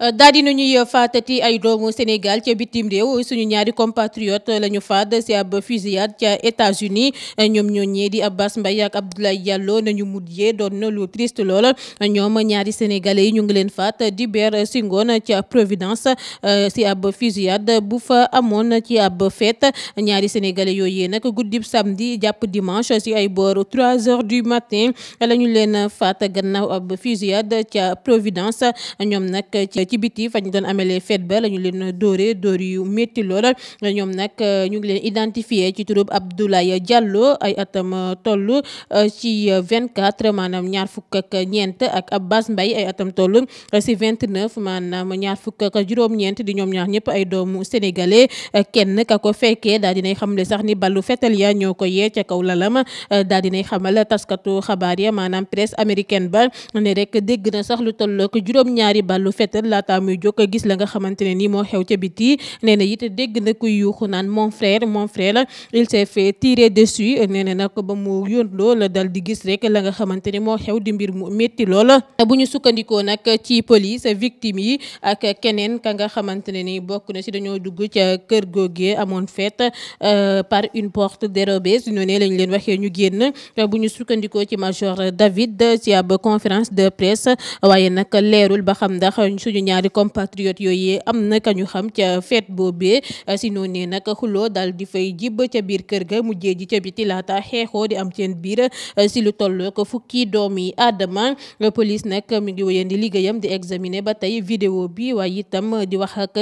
Euh, daal di nañuy faatati ay doomu Sénégal ca bitim réew suñu ñaari compatriote la ñu faat si ab fusillade ca États-Unis ñoom ñoo ñee di Abbas Mbaye ak Abdoulaye Diallo nañu mujjee doon na lu triste lool ñoom ñaari sénégalais yi ñu ngi leen faat di ber si ngoon ca Providence si euh, ab fusillade bu fa amoon ci ab fête ñaari sénégalais yooyu nag guddib samedi jàpp dimanche si ay bor 3 heures du matin la leen faat gannaaw ab fusillade ca Providence ñoom nag ci biti fa ñu doon amalee fête ba la ñu leen dóoree dóor yu métti lool ñoom nag ñu ngi leen identifié ci turub Abdoulaye Diallo ay atam toll euh, ci 24 maanaam ñaar fukk ñeent ak Abbas Mbaye ay atam toll si euh, 29 maanaam ñaar fukk ak juróom-ñeent di ñoom ñaar ñëpp ay doomu sénégalais euh, kenn ka ko fekkee daa dinay xamle sax ni ballu fetal ya ñoo ko yee ca kaw lalam daa dinay xamal taskatu xabaar ya maanaam presse américaine ba ne rek dégg na sax lu toll juróom-ñaari ballu fetal la laata muy jóg gis la xamante ne nii moo xew ca biti nee na it dégg na kuy yuuxu naan mon frère mon frère il s'est fait tirer dessus nee na nag ba mu yóndoo la dal di gis rek la nga xamante ne moo xew di mbir mu métti lool bu ñu sukkandikoo nag ci police victime yi ak keneen ka nga xamante ne ni bokk na si dañoo dugg ca kër googee amoon fête euh, par une porte dérobée su noonee lañ leen waxee ñu génn bu ñu sukkandikoo ci major David ci ab conférence de presse ñaari compatriotes yooyu am na kañu xam ca fête boobee euh, si noonu nag xuloo daal di fay jib ca biir kër ga mujjee ji ca biti laata xeexoo di am seen biir euh, si lu toll ko fukki doom yi aadama euh, police nag mu ngi di liggéeyam di examiner ba tey vidéo bi waaye itam di wax ak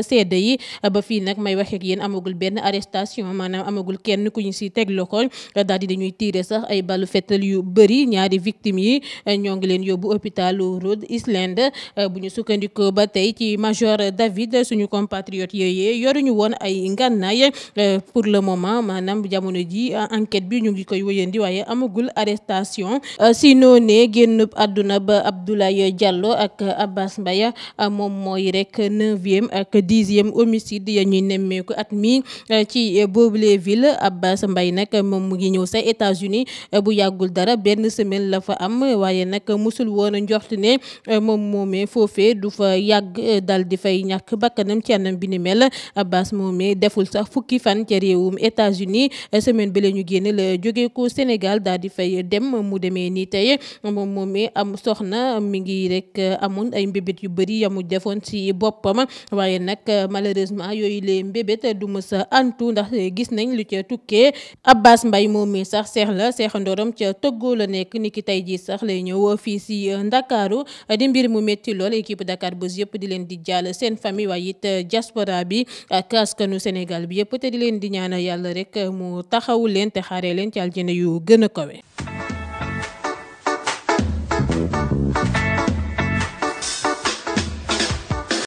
yi ba fii nag may wax ak yéen amagul benn arrestation maanaam amagul kenn ku ñu si teg loxo daal di dañuy tiire sax ay balu fetal yu bëri ñaari victimes yi ñoo ngi leen yóbbu tey ci major David suñu compatriote yooyee yoruñu woon ay ngànnaay euh, pour le moment maanaam jamono ji euh, enquête bi ñu ngi koy wëyandi waaye amagul arrestation euh, si noonee génnub adduna ba Abdoulaye Diallo ak Abbas Mbaye moom mooy rek neuvième ak dixième homicide ya ñuy nemmeeku at mi ci boobule ville Abbas mbay nag moom mu ngi ñëw sa États-Unis bu yàggul dara benn semaine la fa am waaye nag musul woon a njort ne moom moomee foofee du fa yàgg dagg eh, dal di fay ñàkk bakkanam ci anam bi ni mel Abbas moomee deful sax fukki fan ca réewum États-Unis semaine bi la ñu génne la jóge ko Sénégal daal di fay dem mu demee nii tey moom moomee am soxna mi ngi rek amoon ay mbébét yu bëri yamu defoon ci boppam waaye nag malheureusement yooyu les mbébét du mës a antu ndax gis nañ lu ca tukkee Abbas Mbaye moomee sax seex la seex ca Togo la nekk niki tey ji sax lay ñëw fii si Ndakaaru di mbir mu métti di leen di jàll seen famille waaye it euh, diaspora bi ak askanu Sénégal bi yëpp te di leen di ñaanal yàlla rek mu taxawu leen te xaaree leen ci aljana yu gën a kawe